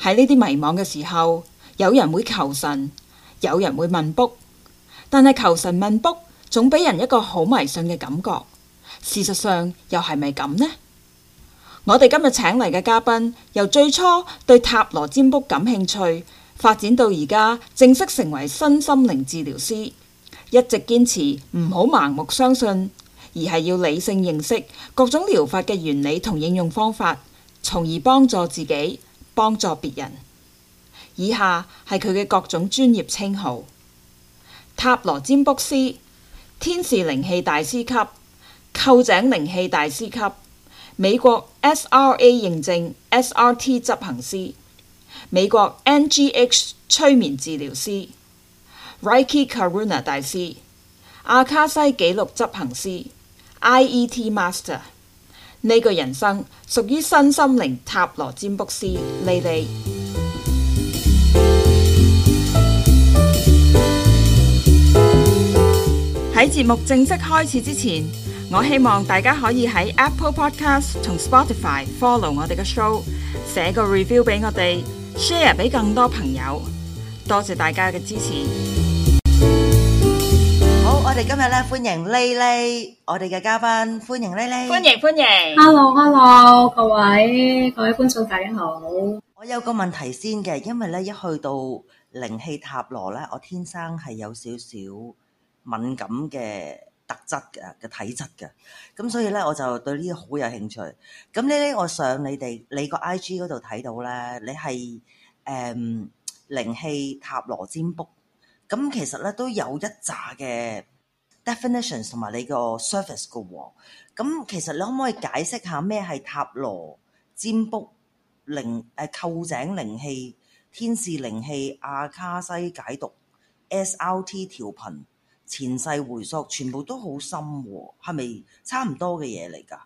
喺呢啲迷茫嘅時候，有人會求神，有人會問卜。但係求神問卜總俾人一個好迷信嘅感覺。事實上又係咪咁呢？我哋今日請嚟嘅嘉賓，由最初對塔羅占卜感興趣，發展到而家正式成為身心靈治療師，一直堅持唔好盲目相信，而係要理性認識各種療法嘅原理同應用方法，從而幫助自己。幫助別人。以下係佢嘅各種專業稱號：塔羅占卜師、天使靈氣大師級、臼井靈氣大師級、美國 SRA 認證 SRT 執行師、美國 NGH 催眠治療師、Reiki Karuna 大師、阿卡西紀錄執行師、IET Master。呢個人生屬於新心靈塔羅占卜師莉莉。喺節目正式開始之前，我希望大家可以喺 Apple Podcast 同 Spotify follow 我哋嘅 show，寫個 review 俾我哋，share 俾更多朋友。多謝大家嘅支持。我哋今日咧歡迎 LayLay，我哋嘅嘉賓歡迎 LayLay。歡迎歡迎。Hello Hello，各位各位觀眾大家好。我有個問題先嘅，因為咧一去到靈氣塔羅咧，我天生係有少少敏感嘅特質嘅嘅體質嘅，咁所以咧我就對呢個好有興趣。咁 LayLay，我上你哋你個 IG 嗰度睇到咧，你係誒靈氣塔羅占卜，咁其實咧都有一扎嘅。definitions 同埋你個 surface 嘅喎，咁其實你可唔可以解釋下咩係塔羅、占卜、靈誒臼、呃、井靈氣、天使靈氣、阿卡西解讀、SRT 調頻、前世回溯，全部都好深喎、啊，係咪差唔多嘅嘢嚟㗎？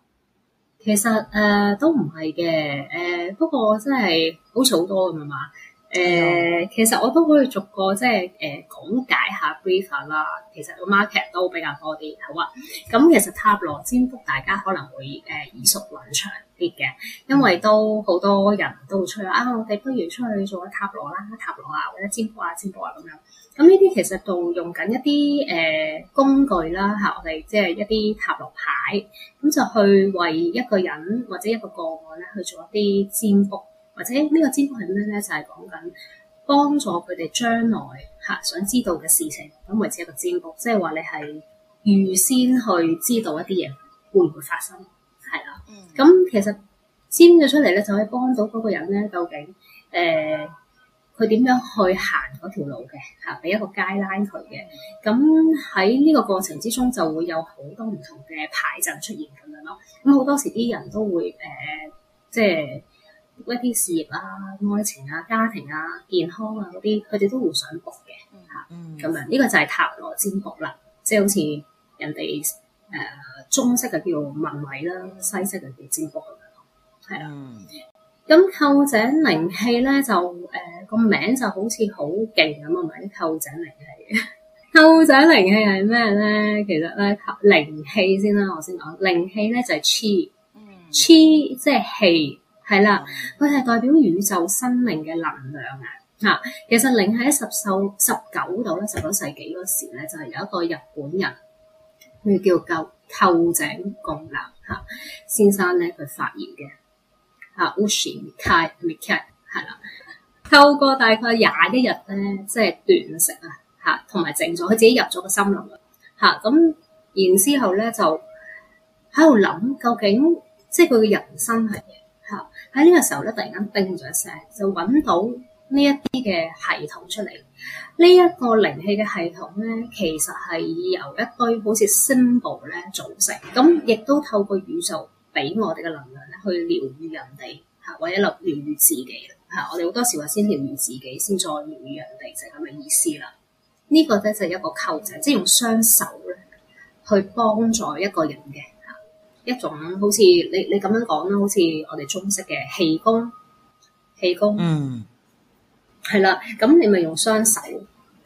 其實誒、呃、都唔係嘅，誒、呃、不過真係好似好多咁啊嘛～誒、嗯就是呃，其實我都可以逐個即係誒講解下 brief 啦。其實個 market 都比較多啲，好啊。咁、嗯、其實塔羅占卜大家可能會誒、呃、耳熟能詳啲嘅，因為都好多人都出去啊，我哋不如出去做一塔羅啦、塔羅啊或者占卜啊、占卜啊咁樣。咁呢啲其實就用緊一啲誒、呃、工具啦，嚇、啊、我哋即係一啲塔羅牌，咁、嗯、就去為一個人或者一個個案咧去做一啲占卜。或者呢個占卜係咩咧？就係講緊幫助佢哋將來嚇想知道嘅事情咁，為之一個占卜，即係話你係預先去知道一啲嘢會唔會發生，係啦。咁、嗯嗯、其實占咗出嚟咧，就可以幫到嗰個人咧，究竟誒佢點樣去行嗰條路嘅嚇，俾、啊、一個 guideline 佢嘅。咁喺呢個過程之中就會有好多唔同嘅牌陣出現咁樣咯。咁、嗯、好多時啲人都會誒、呃，即係。一啲事業啊、愛情啊、家庭啊、健康啊嗰啲，佢哋都會想搏嘅嚇咁樣。呢、這個就係塔羅占卜啦，即、就、係、是、好似人哋誒、呃、中式嘅叫問米啦，西式嘅叫占卜咁樣，係啦。咁臼、嗯、井靈氣咧，就誒個、呃、名就好似好勁咁啊！咪、嗯、臼井靈氣，臼 井靈氣係咩咧？其實咧，靈氣先啦，我先講靈氣咧就係黐黐，即係氣。係啦，佢係代表宇宙生命嘅能量啊。嚇，其實零喺十、十、十九度咧，十九世紀嗰時咧，就係、是、有一個日本人，佢叫臼、臼井甕男嚇先生咧，佢發現嘅嚇。Usui Mikao 係啦，透過大概廿一日咧，即係斷食啊嚇，同埋靜坐，佢自己入咗個森林啊嚇。咁然之後咧，就喺度諗究竟即係佢嘅人生係。喺呢個時候咧，突然間叮咗一聲，就揾到呢一啲嘅系統出嚟。呢一個靈氣嘅系統咧，其實係由一堆好似 symbol 咧組成，咁亦都透過宇宙俾我哋嘅能量咧去療愈人哋，嚇或者療愈自己啦。我哋好多時話先療愈自己，先再療愈人哋就係咁嘅意思啦。這個、呢個咧就係、是、一個溝仔，即係用雙手咧去幫助一個人嘅。一種好似你你咁樣講啦，好似我哋中式嘅氣功，氣功，嗯，係啦，咁你咪用雙手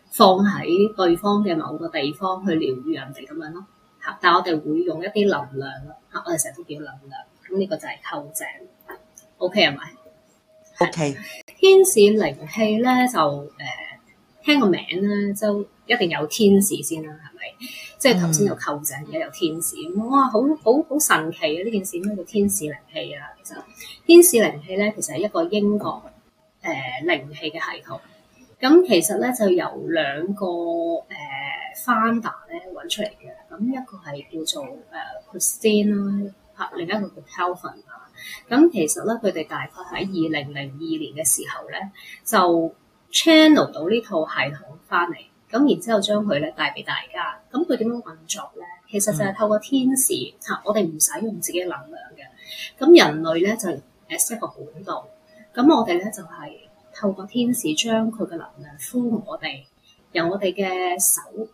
放喺對方嘅某個地方去療愈人哋咁樣咯，嚇！但係我哋會用一啲能量，嚇、啊！我哋成日都叫能量，咁呢個就係臼井。OK 啊？咪 OK，天使靈氣咧就誒。呃聽個名咧，就一定有天使先啦，係咪？即係頭先有臼井，而家有天使，哇！好好好神奇啊！呢件事乜叫天使靈氣啊？其實天使靈氣咧，其實係一個英國誒靈氣嘅系統。咁、嗯、其實咧，就由兩個誒、呃、founder 咧揾出嚟嘅。咁、嗯、一個係叫做誒 Christine 啦，嚇、呃啊，另一個叫 Calvin 啊。咁、嗯、其實咧，佢哋大概喺二零零二年嘅時候咧，就 Channel 到呢套系統翻嚟，咁然之後將佢咧帶俾大家。咁佢點樣運作咧？其實就係透過天使嚇、嗯啊，我哋唔使用自己能量嘅。咁人類咧就 set 一個管道。咁我哋咧就係、是、透過天使將佢嘅能量 through 我哋，由我哋嘅手、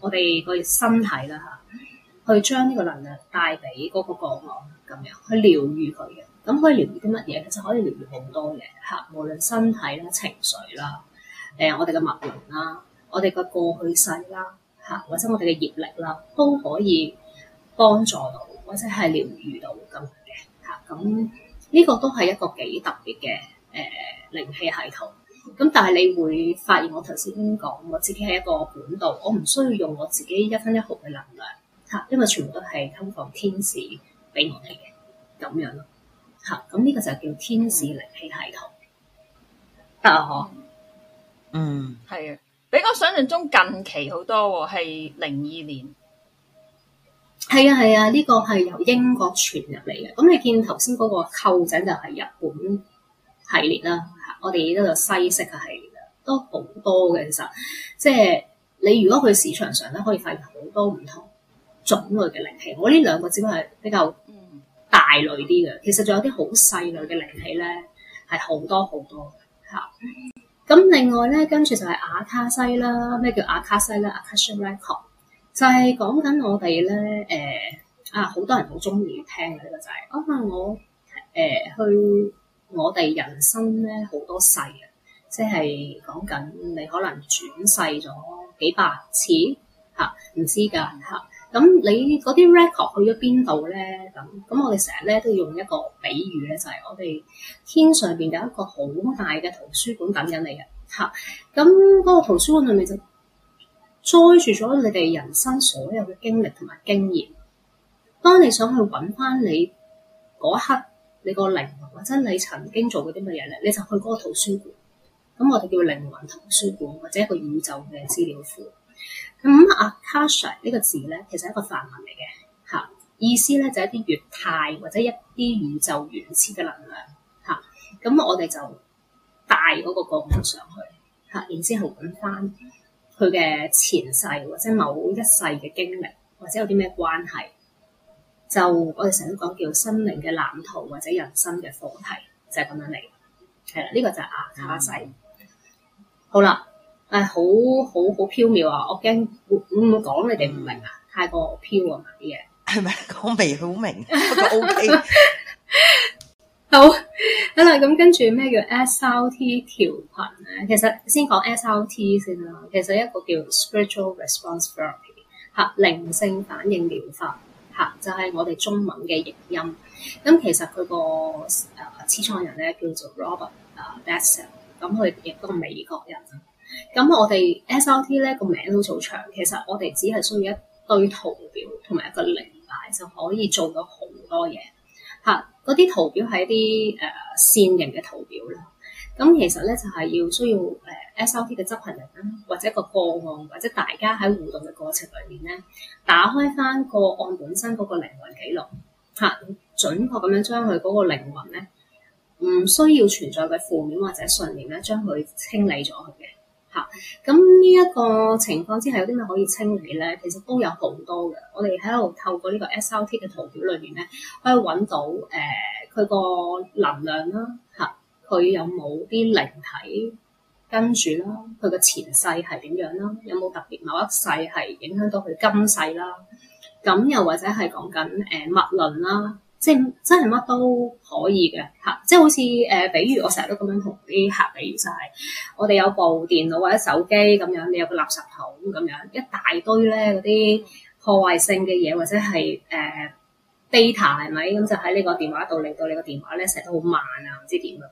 我哋個身體啦吓、啊，去將呢個能量帶俾嗰個個案，咁樣去療愈佢嘅。咁可以療愈啲乜嘢？其實可以療愈好多嘢，嚇，無論身體啦、情緒啦、誒我哋嘅脈輪啦、我哋嘅過去世啦，嚇、呃、或者我哋嘅業力啦，都可以幫助到或者係療愈到咁嘅嚇。咁、呃、呢、這個都係一個幾特別嘅誒、呃、靈氣系統。咁、呃、但係你會發現我剛剛，我頭先講我自己係一個管道，我唔需要用我自己一分一毫嘅能量嚇、呃，因為全部都係通過天使俾我哋嘅咁樣咯。咁呢個就叫天使靈氣系統，啊呵，嗯，係、嗯、啊、嗯，比我想象中近期好多喎，係零二年，係啊係啊，呢、這個係由英國傳入嚟嘅。咁你見頭先嗰個扣仔就係日本系列啦，我哋呢度西式嘅系列都好多嘅，其實即係你如果去市場上咧可以發現好多唔同種類嘅靈氣，我呢兩個只係比較。大類啲嘅，其實仲有啲好細類嘅靈氣咧，係好多好多嚇。咁另外咧，跟住就係阿卡西啦，咩叫阿卡西咧？Akashic Record 就係講緊我哋咧，誒、呃、啊好多人好中意聽嘅呢個就係、是、啊，我誒、呃、去我哋人生咧好多世啊，即、就、係、是、講緊你可能轉世咗幾百次嚇，唔、啊、知㗎嚇。啊咁你嗰啲 record 去咗邊度咧？咁咁，我哋成日咧都用一個比喻咧，就係我哋天上邊有一個好大嘅圖書館等緊你嘅嚇。咁嗰個圖書館入面就載住咗你哋人生所有嘅經歷同埋經驗。當你想去揾翻你嗰刻你個靈魂或者你曾經做過啲乜嘢咧，你就去嗰個圖書館。咁我哋叫靈魂圖書館，或者一個宇宙嘅資料庫。咁、嗯、啊，卡西呢個字咧，其實係一個梵文嚟嘅吓，意思咧就一啲越泰或者一啲宇宙原始嘅能量吓，咁、啊嗯、我哋就帶嗰個個案上去吓、啊，然之後揾翻佢嘅前世或者某一世嘅經歷或者有啲咩關係，就我哋成日都講叫生命嘅藍圖或者人生嘅課題，就係、是、咁樣嚟嘅，係、啊、啦，呢、嗯、個就係啊卡西，好啦。誒、哎，好好好縹緲啊！我驚會唔會講你哋唔明啊？太過飄啊嘛啲嘢，係咪講未？ 好明？不過 O K，好好啦。咁跟住咩叫 S R T 調頻咧？其實先講 S R T 先啦。其實一個叫 spiritual response therapy 吓，靈性反應療法，吓就係、是、我哋中文嘅譯音。咁、嗯、其實佢個誒始創人咧叫做 Robert 誒、呃、Dessel 咁、嗯、佢亦都係美國人。咁我哋 S R T 咧個名都好長，其實我哋只係需要一堆圖表同埋一個靈擺就可以做到好多嘢嚇。嗰、啊、啲圖表係一啲誒、呃、線形嘅圖表啦。咁、啊、其實咧就係、是、要需要誒 S R T 嘅執行人啦，或者個個案，或者大家喺互動嘅過程裏面咧，打開翻個案本身嗰個靈魂記錄嚇、啊，準確咁樣將佢嗰個靈魂咧唔需要存在嘅負面或者信念咧，將佢清理咗佢嘅。嚇，咁呢一個情況之下有啲咩可以清理咧？其實都有好多嘅。我哋喺度透過呢個 SRT 嘅圖表裏面咧，可以揾到誒佢個能量啦，嚇佢有冇啲靈體跟住啦，佢嘅前世係點樣啦？有冇特別某一世係影響到佢今世啦？咁又或者係講緊誒脈輪啦。呃即係真係乜都可以嘅嚇，即係好似誒、呃，比如我成日都咁樣同啲客比喻晒，就是、我哋有部電腦或者手機咁樣，你有個垃圾桶咁樣，一大堆咧嗰啲破壞性嘅嘢，或者係誒 data 係咪？咁、呃、就喺你個電話度，令到你個電話咧成日都好慢啊，唔知點樣。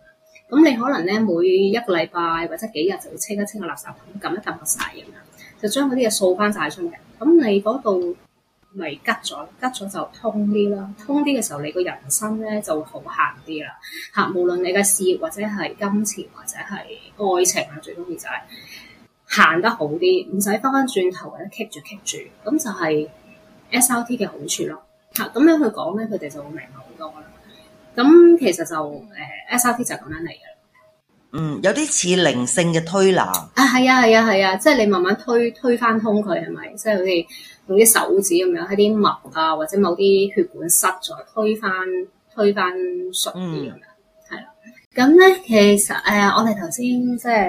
咁你可能咧每一個禮拜或者幾日就要清一清一個垃圾桶，撳一撳落晒。咁樣，就將嗰啲嘢掃翻晒出嚟。咁你嗰度？那咪吉咗，吉咗就，就通啲啦。通啲嘅時候，你個人生咧就會好行啲啦。吓，無論你嘅事業或者係金錢或者係愛情啊，最中意就係、是，行得好啲，唔使翻翻轉頭或者 keep 住 keep 住。咁就係 SRT 嘅好處咯。吓，咁樣去講咧，佢哋就會明白好多。咁其實就誒、呃、SRT 就咁樣嚟嘅。嗯，有啲似靈性嘅推拿。啊，係啊，係啊，係啊，啊，啊，啊，啊，即係你慢慢推推翻通佢係咪？即係、就是、好似。用啲手指咁樣喺啲脈啊，或者某啲血管塞咗，推翻推翻順啲咁樣，係啦、嗯。咁咧其實誒、呃，我哋頭先即係誒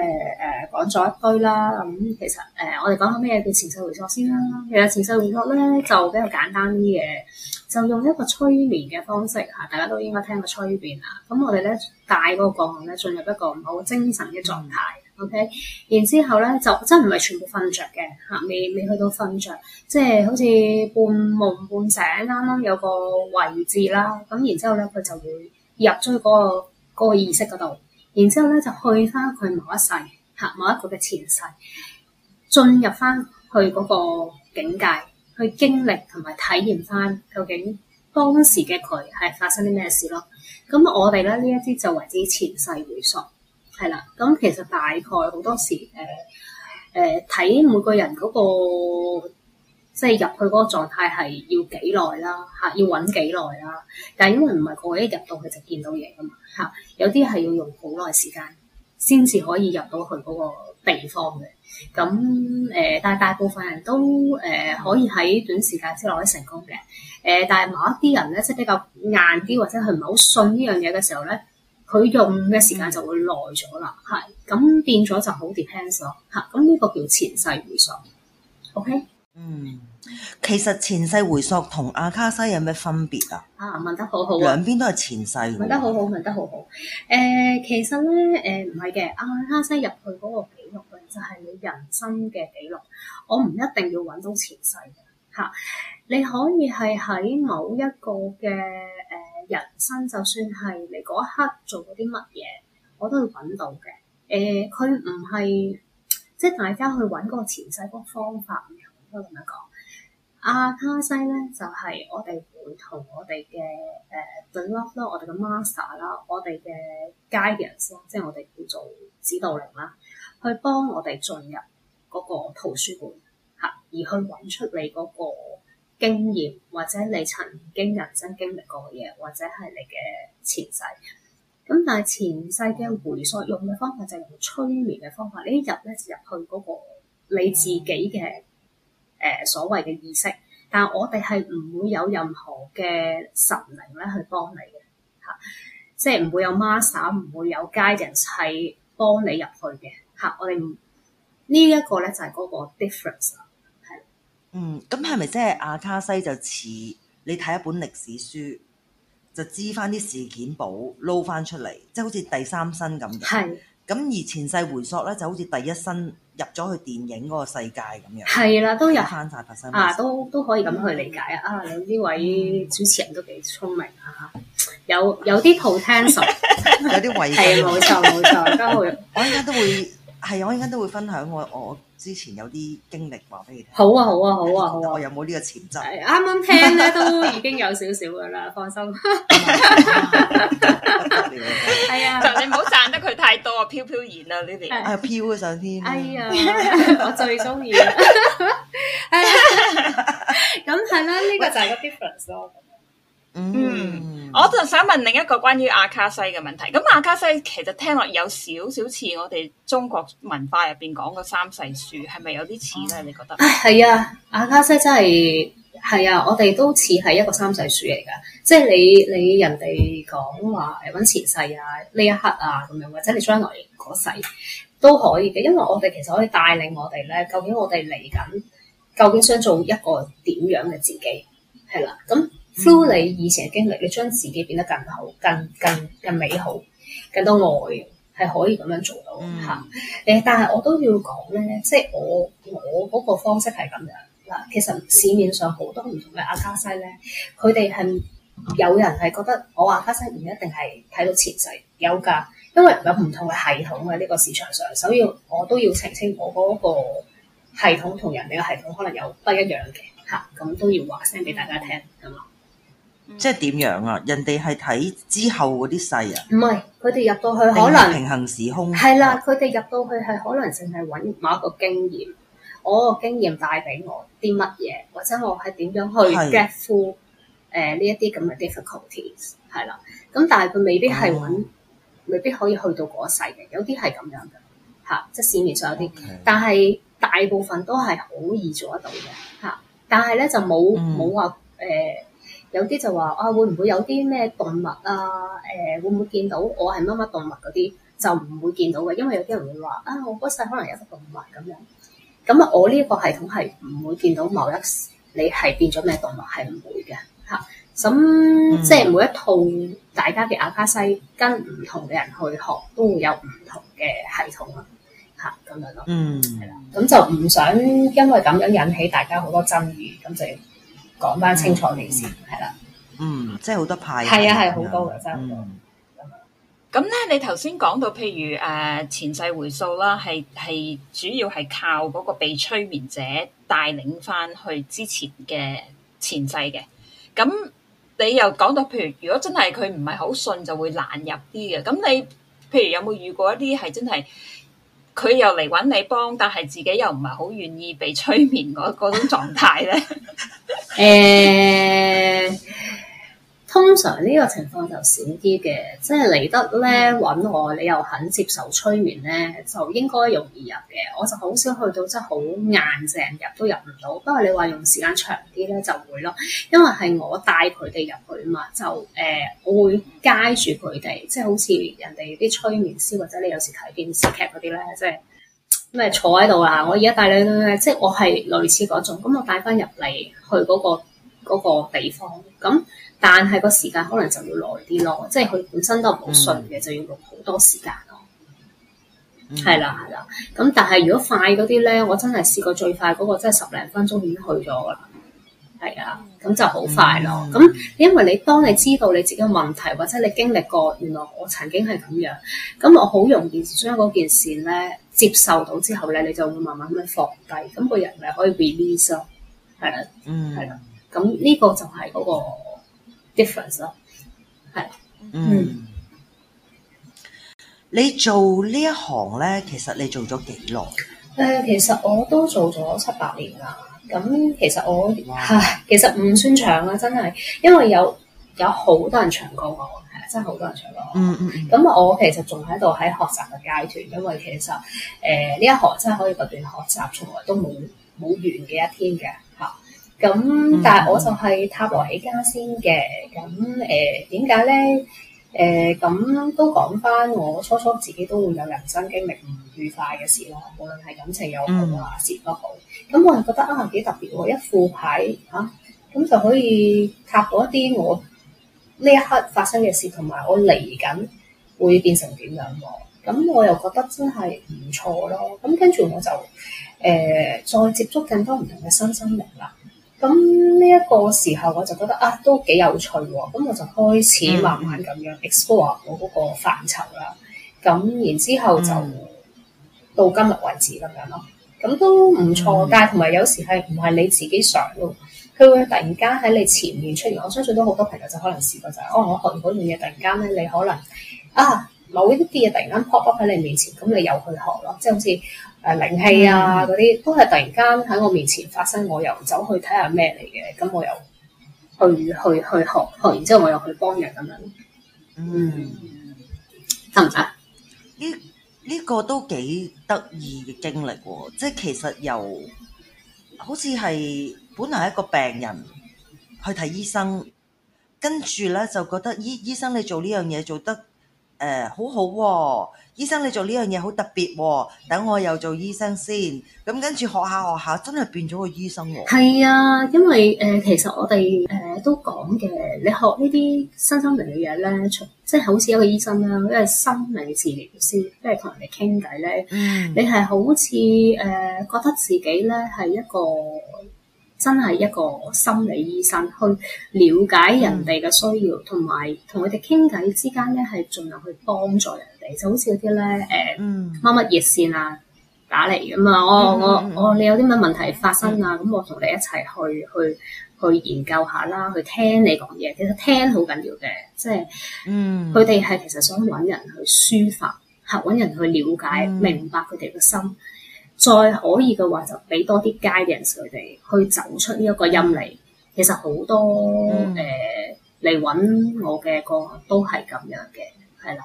講咗一堆啦。咁、嗯、其實誒、呃，我哋講下咩叫前世回溯先啦。其實前世回溯咧就比較簡單啲嘅，就用一個催眠嘅方式吓，大家都應該聽過催眠啦。咁我哋咧帶嗰個客咧進入一個好精神嘅狀態。OK，然之後咧就真唔係全部瞓着嘅嚇、啊，未未去到瞓着，即係好似半夢半醒。啱啱有個位置啦，咁、啊、然之後咧佢就會入咗去嗰、那個那個意識嗰度，然之後咧就去翻佢某一世嚇、啊、某一個嘅前世，進入翻去嗰個境界去經歷同埋體驗翻究竟當時嘅佢係發生啲咩事咯。咁、啊、我哋咧呢一啲就為之前世回溯。係啦，咁其實大概好多時誒誒睇每個人嗰、嗰個即係入去嗰個狀態係要幾耐啦嚇，要揾幾耐啦。但係因為唔係個個一入到去就見到嘢噶嘛嚇，有啲係要用好耐時間先至可以入到去嗰個地方嘅。咁誒、呃，但係大部分人都誒、呃、可以喺短時間之內成功嘅。誒、呃，但係某一啲人咧即係比較硬啲，或者佢唔係好信呢樣嘢嘅時候咧，佢用嘅時間就會耐咗啦，係咁、嗯、變咗就好 depends 咯吓，咁呢個叫前世回溯，OK？嗯，其實前世回溯同阿卡西有咩分別啊？啊，問得好好，兩邊都係前世問得好好，問得好好。誒、呃，其實咧誒唔係嘅，阿卡西入去嗰個記錄咧，就係你人生嘅記錄，我唔一定要揾到前世嘅吓，你可以係喺某一個嘅。人生就算係你嗰一刻做過啲乜嘢，我都會揾到嘅。誒、呃，佢唔係即係大家去揾嗰個前世嗰方法，唔應該咁樣講。阿、啊、卡西咧就係、是、我哋會同我哋嘅誒 develop 啦，呃、Love, 我哋嘅 master 啦，我哋嘅 Guides，即係我哋叫做指導靈啦，去幫我哋進入嗰個圖書館嚇而去揾出你嗰、那個。經驗或者你曾經人生經歷過嘅嘢，或者係你嘅前世咁，但係前世嘅回溯用嘅方法就係用催眠嘅方法，你一入咧就入去嗰個你自己嘅誒、呃、所謂嘅意識，但係我哋係唔會有任何嘅神靈咧去幫你嘅嚇、啊，即係唔會有 master 唔會有 guidance 係幫你入去嘅嚇、啊，我哋呢一個咧就係嗰個 difference。嗯，咁係咪即係阿卡西就似你睇一本歷史書，就知翻啲事件簿撈翻出嚟，即係好似第三身咁樣。係是，咁而前世回溯咧，就好似第一身入咗去電影嗰個世界咁樣。係啦、啊，都有翻晒發生啊，都都可以咁去理解啊。啊，呢位主持人都幾聰明啊，有有啲 potential， 有啲危機，冇錯冇錯，我而家都會。 係，我而家都會分享我我之前有啲經歷話俾你聽、啊。好啊，好啊，好啊！好啊。好啊看看我有冇呢個潛質？啱啱聽咧都已經有少少㗎啦，放心。係啊， 就你唔好讚得佢太多，飄飄然啊呢啲。啊，飄嗰首先。哎呀，我最中意。咁係啦，呢、啊這個就係、是、個 difference 咯。嗯，我就想問另一個關於阿卡西嘅問題。咁阿卡西其實聽落有少少似我哋中國文化入邊講嘅三世書，係咪有啲似咧？你覺得啊，係、哎、啊，阿卡西真係係啊，我哋都似係一個三世書嚟噶。即係你你人哋講話誒，搵前世啊，呢一刻啊，咁樣或者你將來嗰世都可以嘅，因為我哋其實可以帶領我哋咧。究竟我哋嚟緊，究竟想做一個點樣嘅自己？係啦、啊，咁、嗯。through 你以前嘅經歷，你將自己變得更好、更、更、更美好、更多愛，係可以咁樣做到嚇。誒、嗯，但係我都要講咧，即係我我嗰個方式係咁樣嗱。其實市面上好多唔同嘅阿卡西咧，佢哋係有人係覺得我阿卡西唔一定係睇到前世有㗎，因為有唔同嘅系統喺呢個市場上，所以我都要澄清我嗰個系統同人哋嘅系統可能有不一樣嘅嚇，咁都要話聲俾大家聽咁、嗯即係點樣啊？人哋係睇之後嗰啲世啊，唔係佢哋入到去可能平行時空係啦。佢哋入到去係可能淨係搵某一個經驗，我個經驗帶俾我啲乜嘢，或者我係點樣去 get through 誒呢一啲咁嘅 difficulties 係啦。咁但係佢未必係搵，嗯、未必可以去到嗰一世嘅。有啲係咁樣嘅吓、啊，即係市面上有啲，Okay. 但係大部分都係好易做得到嘅吓、啊。但係咧就冇冇話誒。嗯有啲就話啊，會唔會有啲咩動物啊？誒，會唔會見到我係乜乜動物嗰啲就唔會見到嘅，因為有啲人會話啊，我嗰世可能有隻動物咁樣咁啊。我呢個系統係唔會見到某一，你係變咗咩動物係唔會嘅嚇。咁即係每一套大家嘅阿卡西跟唔同嘅人去學，都會有唔同嘅系統啊嚇咁樣咯。嗯，係啊。咁就唔想因為咁樣引起大家好多爭議，咁就。講翻清楚你先，係啦。嗯，即係好多派。係啊、嗯，係好多嘅真。咁咧，你頭先講到譬如誒、呃、前世回溯啦，係係主要係靠嗰個被催眠者帶領翻去之前嘅前世嘅。咁你又講到譬如，如果真係佢唔係好信，就會難入啲嘅。咁你譬如有冇遇過一啲係真係？佢又嚟揾你幫，但係自己又唔係好願意被催眠嗰嗰種狀態呢？ 欸通常呢個情況就少啲嘅，即係嚟得咧揾我，你又肯接受催眠咧，就應該容易入嘅。我就好少去到，即係好硬淨入都入唔到。不過你話用時間長啲咧，就會咯，因為係我帶佢哋入去啊嘛，就、呃、我會街住佢哋，即係好似人哋啲催眠師或者你有時睇電視劇嗰啲咧，即係咩坐喺度啊。我而家帶你，即係我係類似嗰種咁，我帶翻入嚟去嗰個嗰個地方咁。但係個時間可能就要耐啲咯，即係佢本身都唔好順嘅，嗯、就要用好多時間咯。係啦、嗯，係啦。咁但係如果快嗰啲咧，我真係試過最快嗰、嗰個，真係十零分鐘已經去咗啦。係啊，咁就好快咯。咁、嗯、因為你當你知道你自己嘅問題，或者你經歷過原來我曾經係咁樣，咁我好容易將嗰件事咧接受到之後咧，你就會慢慢咁樣放低，咁、嗰個人咪可以 release 咯。係啦，嗯，係啦。咁呢個就係嗰、嗰個 difference 咯，係。嗯，你做呢一行咧，其實你做咗幾耐？誒、呃，其實我都做咗七八年啦。咁其實我嚇哇，其實唔算長啦，真係，因為有有好多人長過我，係真係好多人長過我。嗯嗯。咁啊，我其實仲喺度喺學習嘅階段，因為其實誒呢、呃、一行真係可以不斷學習，從來都冇冇完嘅一天嘅。咁，嗯、但係我就係塔羅起家先嘅。咁誒點解咧？誒、呃、咁、呃、都講翻，我初初自己都會有人生經歷唔愉快嘅事咯。無論係感情又好，是不好、嗯、啊，事都好。咁我係覺得啊，幾特別喎！一副牌嚇咁、啊、就可以塔到一啲我呢一刻發生嘅事，同埋我嚟緊會變成點樣喎？咁我又覺得真係唔錯咯。咁跟住我就誒、呃、再接觸更多唔同嘅新生命啦。咁呢一個時候我就覺得啊都幾有趣喎，咁我就開始慢慢咁樣 explore 我嗰個範疇啦。咁、嗯、然之後就到今日為止咁樣咯，咁、嗯、都唔錯。嗯、但係同埋有時係唔係你自己想咯，佢會突然間喺你前面出現。我相信都好多朋友就可能試過就係、是，哦、啊，我學完嗰樣嘢，突然間咧你可能啊某一啲嘢突然間 pop up 喺你面前，咁你又去學咯，即係好似。靈氣啊，嗰啲都係突然間喺我面前發生，我又走去睇下咩嚟嘅？咁我又去去去學學，然之後我又去幫人咁樣。嗯，得唔得？呢呢、嗯呢個都幾得意嘅經歷、喎，即係其實又好似係本來係一個病人去睇醫生，跟住咧就覺得醫醫生，你做呢樣嘢做得誒、呃、好好、喎。醫生，你做呢樣嘢好特別喎、哦！等我又做醫生先，咁跟住學下學下，真係變咗個醫生喎、哦。係啊，因為誒、呃，其實我哋誒、呃、都講嘅，你學呢啲新心靈嘅嘢咧，即係好似一個醫生啦，一個心理治療師，即係同人哋傾偈咧，嗯、你係好似誒、呃、覺得自己咧係一個。真係一個心理醫生去了解人哋嘅需要，同埋同佢哋傾偈之間咧，係盡量去幫助人哋。就好似啲咧，嗯，乜乜熱線啊打嚟咁啊，我我我，你有啲乜問題發生啊？咁、嗯、我同你一齊去去去，去研究下啦，去聽你講嘢。其實聽好緊要嘅，即係，嗯，佢哋係其實想揾人去抒發，吓揾人去了解、嗯、明白佢哋嘅心。再可以嘅話，就俾多啲 guidance 佢哋去走出呢一個陰霾。其實好多誒嚟揾我嘅歌都係咁樣嘅，係啦。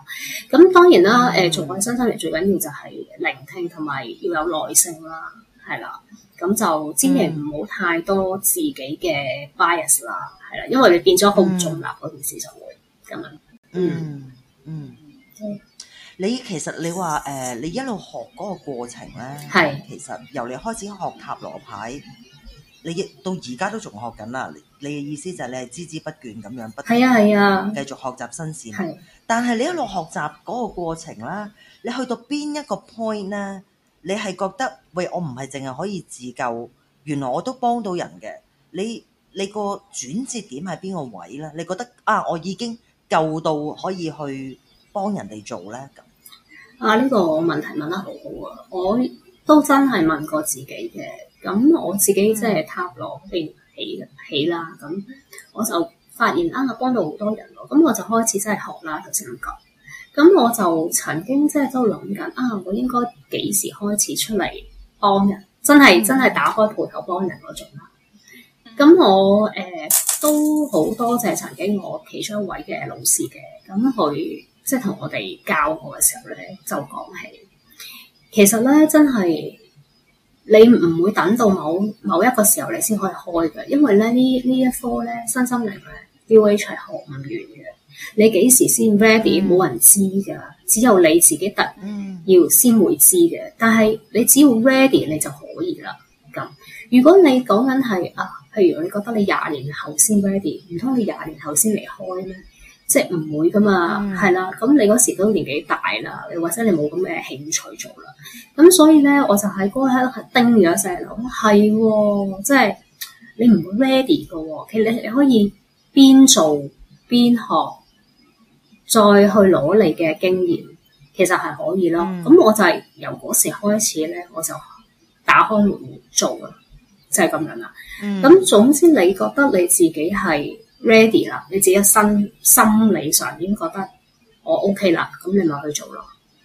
咁當然啦，誒從我本身嚟最緊要就係聆聽同埋要有耐性啦，係啦。咁就千祈唔好太多自己嘅 bias 啦、mm，係、hmm. 啦，因為你變咗好中立嗰件事就會咁、mm hmm. 樣。嗯嗯、mm。Hmm. Mm hmm. 你其實你話誒、呃，你一路學嗰個過程咧，啊、其實由你開始學塔羅牌，你到而家都仲學緊啦。你嘅意思就係你係孜孜不倦咁樣不斷，係啊係啊，繼續學習新事物。啊啊、但係你一路學習嗰個過程啦，你去到邊一個 point 咧，你係覺得喂，我唔係淨係可以自救，原來我都幫到人嘅。你你個轉折點喺邊個位咧？你覺得啊，我已經夠到可以去。幫人哋做咧咁啊！呢個問題問得好好啊，我都真係問過自己嘅。咁我自己即係塔羅定起起啦，咁我就發現啊，幫到好多人咯。咁我就開始真係學啦，頭先咁講。咁我就曾經即係都諗緊啊，我應該幾時開始出嚟幫人？真係真係打開鋪頭幫人嗰種啦。咁我誒、啊、都好多謝曾經我其中一位嘅老師嘅咁佢。即係同我哋教我嘅時候咧，就講起其實咧，真係你唔會等到某某一個時候你先可以開嘅，因為咧呢一呢一科咧，身心靈嘅 full h 係學唔完嘅。你幾時先 ready？冇人知㗎，只有你自己得，要先會知嘅。但係你只要 ready，你就可以啦。咁如果你講緊係啊，譬如你覺得你廿年後先 ready，唔通你廿年後先嚟開咩？即係唔會噶嘛，係啦、嗯。咁你嗰時都年紀大啦，或者你冇咁嘅興趣做啦。咁所以咧，我就喺嗰一刻叮咗一聲，諗，係即係你唔 ready 嘅喎。其實你可以邊做邊學，再去攞你嘅經驗，其實係可以咯。咁、嗯、我就係由嗰時開始咧，我就打開門做啦，即係咁樣啦。咁、嗯、總之，你覺得你自己係 Ready 啦，你自己心心理上已經覺得我 OK 啦，咁你咪去做咯，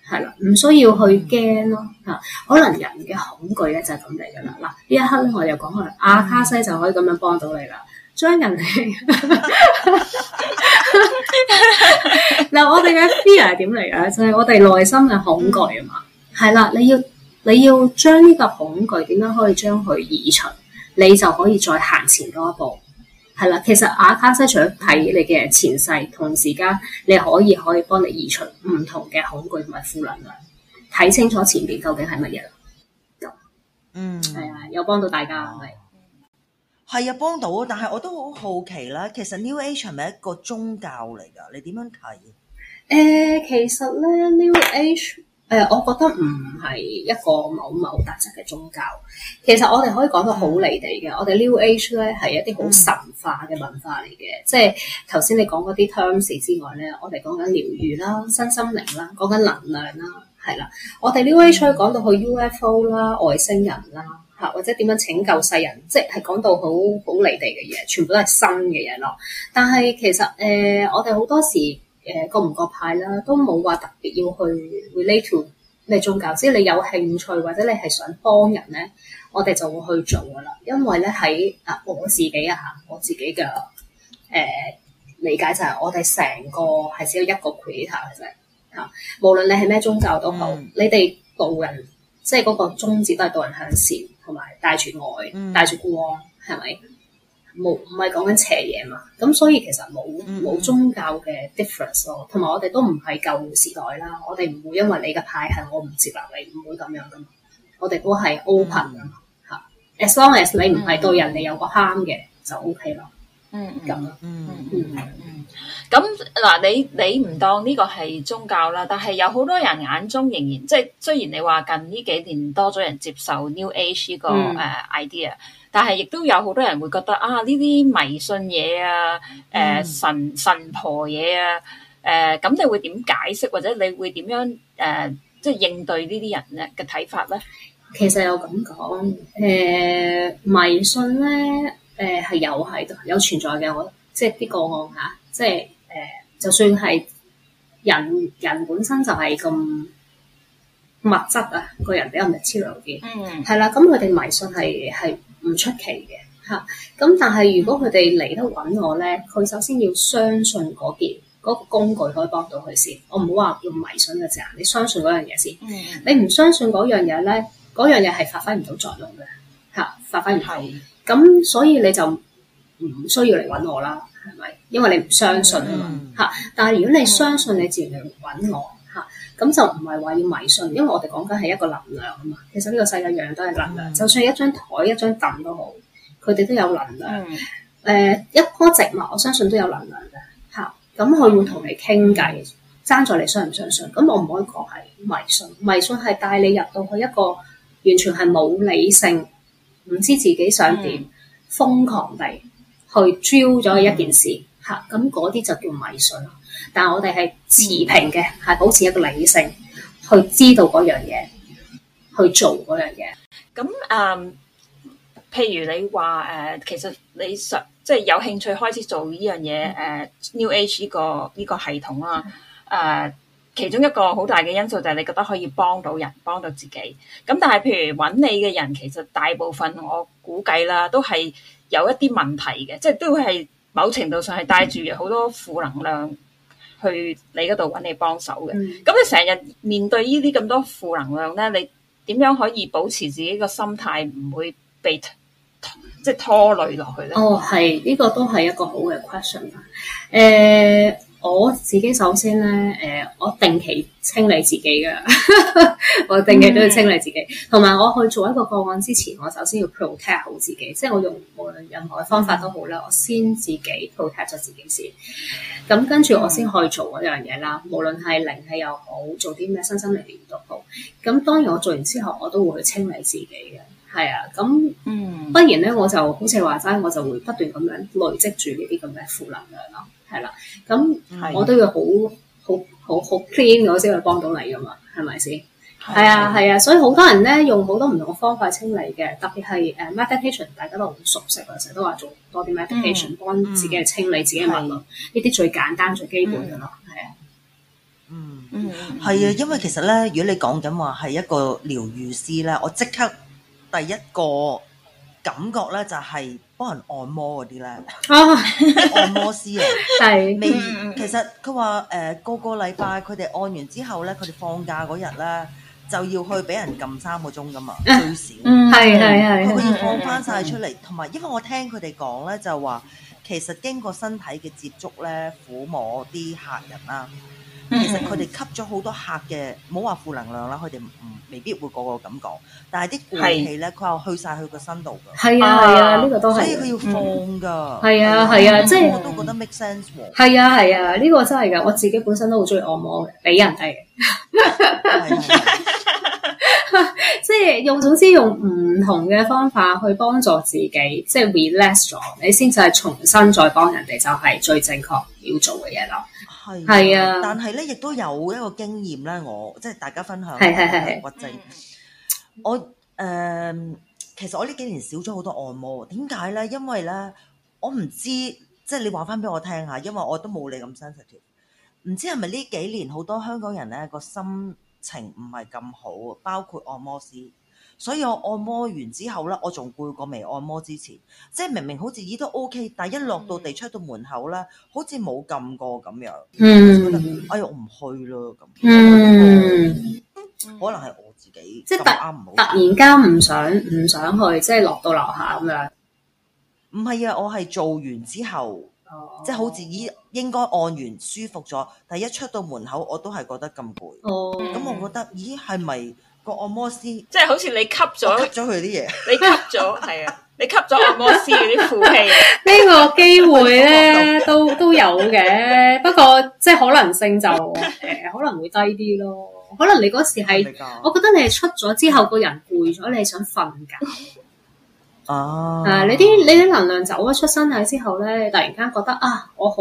係啦，唔需要去驚咯嚇。可能人嘅恐懼咧就係咁嚟噶啦。嗱，呢一刻我又講下，阿卡西就可以咁樣幫到你啦，將人哋，嗱 我哋嘅 Fear 係點嚟噶？就係、是、我哋內心嘅恐懼啊嘛，係啦、嗯，你要你要將呢個恐懼點樣可以將佢移除，你就可以再行前多一步。係啦，其實阿卡西除咗睇你嘅前世，同時間你可以可以幫你移除唔同嘅恐懼同埋負能量，睇清楚前邊究竟係乜嘢。嗯，係啊，有幫到大家係，係啊、嗯，幫到。但係我都好好奇啦，其實 New Age 係咪一個宗教嚟㗎？你點樣睇？誒、呃，其實咧 New Age。誒、呃，我覺得唔係一個某某特質嘅宗教。其實我哋可以講到好離地嘅。我哋 New Age 咧係一啲好神化嘅文化嚟嘅。嗯、即係頭先你講嗰啲 terms 之外咧，我哋講緊療愈啦、身心靈啦、講緊能量啦，係啦。我哋 New Age 可以講到去 UFO 啦、外星人啦，嚇或者點樣拯救世人，即係講到好好離地嘅嘢，全部都係新嘅嘢咯。但係其實誒、呃，我哋好多時。誒各唔各派啦，都冇話特別要去 relate to 咩宗教，即係你有興趣或者你係想幫人咧，我哋就會去做噶啦。因為咧喺啊我自己啊，我自己嘅誒、呃、理解就係，我哋成個係只有一個 creator 嘅嚇，無論你係咩宗教都好，嗯、你哋導人即係嗰個宗旨都係導人向善同埋帶住愛、帶住光，係咪？冇唔係講緊邪嘢嘛，咁所以其實冇冇、嗯、宗教嘅 difference 咯，同埋我哋都唔係舊時代啦，我哋唔會因為你嘅派係我唔接納你，唔會咁樣噶嘛，我哋都係 open 噶嘛，嚇、嗯。As long as 你唔係對人哋有個 harm 嘅，嗯、就 OK 啦、嗯。嗯嗯嗯嗯嗯嗯，咁嗱，你你唔當呢個係宗教啦，但係有好多人眼中仍然即係雖然你話近呢幾年多咗人接受 New Age 呢、呢個、嗯 uh, idea。但係，亦都有好多人會覺得啊，呢啲迷信嘢啊，誒、呃、神神婆嘢啊，誒、呃、咁你會點解釋，或者你會點樣誒、呃、即係應對呢啲人咧嘅睇法咧？其實我咁講誒迷信咧，誒、呃、係有係有存在嘅，我即係啲個案嚇、啊，即係誒、呃、就算係人人本身就係咁物質啊，個人比較唔係超流嘅。嗯，係啦，咁佢哋迷信係係。唔出奇嘅，吓，咁但係如果佢哋嚟得揾我咧，佢、嗯、首先要相信嗰件，嗰個工具可以幫到佢先。我唔好話用迷信嘅字眼，你相信嗰樣嘢先。嗯、你唔相信嗰樣嘢咧，嗰樣嘢係發揮唔到作用嘅吓，發揮唔到。咁是的 所以你就唔需要嚟揾我啦，係咪？因為你唔相信啊嘛吓。嗯、但係如果你相信，你自然嚟揾我。咁就唔係話要迷信，因為我哋講緊係一個能量啊嘛。其實呢個世界樣樣都係能量，嗯、就算一張台、一張凳都好，佢哋都有能量。誒、嗯，uh, 一樖植物我相信都有能量嘅嚇。咁佢會同你傾偈，爭在你相唔相信。咁我唔可以講係迷信，迷信係帶你入到去一個完全係冇理性，唔知自己想點，嗯、瘋狂地去追咗一件事嚇。咁嗰啲就叫迷信。但我哋係持平嘅，係保持一個理性去知道嗰樣嘢，去做嗰樣嘢。咁，嗯，譬如你話誒、呃，其實你實即係有興趣開始做呢樣嘢誒，New Age 呢、這個呢、這個系統啦，誒、呃，其中一個好大嘅因素就係你覺得可以幫到人，幫到自己。咁、嗯、但係譬如揾你嘅人，其實大部分我估計啦，都係有一啲問題嘅，即係都會係某程度上係帶住好多負能量。去你嗰度揾你幫手嘅，咁、嗯、你成日面對呢啲咁多負能量咧，你點樣可以保持自己個心態唔會被即係拖累落去咧？哦，係呢、呢個都係一個好嘅 question 啊、uh！誒。我自己首先咧，誒、呃，我定期清理自己噶， 我定期都要清理自己，同埋我去做一個個案之前，我首先要 protect 好自己，即係我用無論任何方法都好啦，嗯、我先自己 protect 咗自己先，咁跟住我先可以做嗰樣嘢啦。無論係靈氣又好，做啲咩身心靈嘅都好，咁當然我做完之後，我都會去清理自己嘅。係啊，咁不然咧，我就、嗯、好似話齋，我就會不斷咁樣累積住呢啲咁嘅負能量咯，係啦、啊，咁我都要、嗯、好好好好 clean 我先可以幫到你噶嘛，係咪先？係啊，係啊，啊，所以好多人咧用好多唔同嘅方法清理嘅，特別係誒 meditation，大家都好熟悉啊，成日都話做多啲 meditation，幫、嗯、自己去清理自己嘅能量，呢啲、嗯啊、最簡單最基本嘅啦，係啊，嗯，係、嗯、啊，因為其實咧，如果你講緊話係一個療愈師咧，我即刻。第一個感覺咧就係、是、幫人按摩嗰啲咧，oh, 按摩師啊，係 是。其實佢話誒個個禮拜佢哋按完之後咧，佢哋放假嗰日咧就要去俾人撳三個鐘噶嘛，最少。 是嗯，係係係。佢可以放翻晒出嚟，同埋是是因為我聽佢哋講咧就話，其實經過身體嘅接觸咧，撫摸啲客人啦。其實佢哋吸咗好多客嘅，唔好話負能量啦。佢哋未必會個個咁講，但係啲怨氣咧，佢又去晒佢個身度㗎。係啊，係啊，呢個都係。所以佢要放㗎。係啊，係啊，即係。我都覺得 make sense 喎。係啊，係啊，呢個真係噶，我自己本身都好中意按摩嘅，俾人哋。即係用，總之用唔同嘅方法去幫助自己，即係 relax 咗，你先至係重新再幫人哋，就係最正確要做嘅嘢啦。係啊，的但係咧，亦都有一個經驗咧，我即係大家分享骨症。是是我誒、呃，其實我呢幾年少咗好多按摩，點解咧？因為咧，我唔知，即係你話翻俾我聽下，因為我都冇你咁 sensitive。唔知係咪呢幾年好多香港人咧個心情唔係咁好，包括按摩師。所以我按摩完之後咧，我仲攰過未按摩之前，即係明明好似咦都 OK，但一落到地出到門口咧，好似冇撳過咁樣。嗯，覺得哎呀，唔去咯咁。嗯，可能係我自己即係突然間唔想唔想去，即係落到樓下咁樣。唔係啊，我係做完之後，哦，即係好似咦應該按完舒服咗，但係一出到門口我都係覺得咁攰。哦，咁，嗯，我覺得咦係咪？是個按摩師，即係好似你吸咗咗佢啲嘢，吸你吸咗係 啊，你吸咗按摩師嗰啲負氣。呢 個機會咧都 都有嘅，不過即係可能性就誒、呃、可能會低啲咯。可能你嗰時係， 我覺得你係出咗之後個人攰咗，你係想瞓噶哦。啊，你啲你啲能量走咗出身體之後咧，突然間覺得啊，我好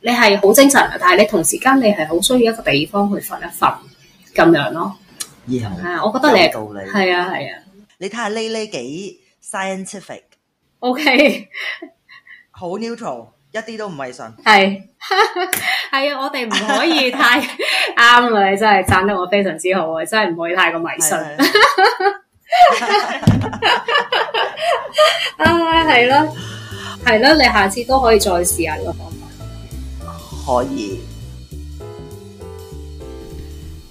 你係好精神，但係你同時間你係好需要一個地方去瞓一瞓咁樣咯。Yeah, 啊！我覺得你有道理，係啊係啊！你睇下呢 LayLay 幾 scientific，OK，好 neutral，一啲都唔迷信。係係啊！我哋唔可以太啱啦！你真係讚得我非常之好啊！真係唔可以太過迷信。是啊，係 咯、 啊，係是咯、啊 啊，你下次都可以再試下呢個方法。可以。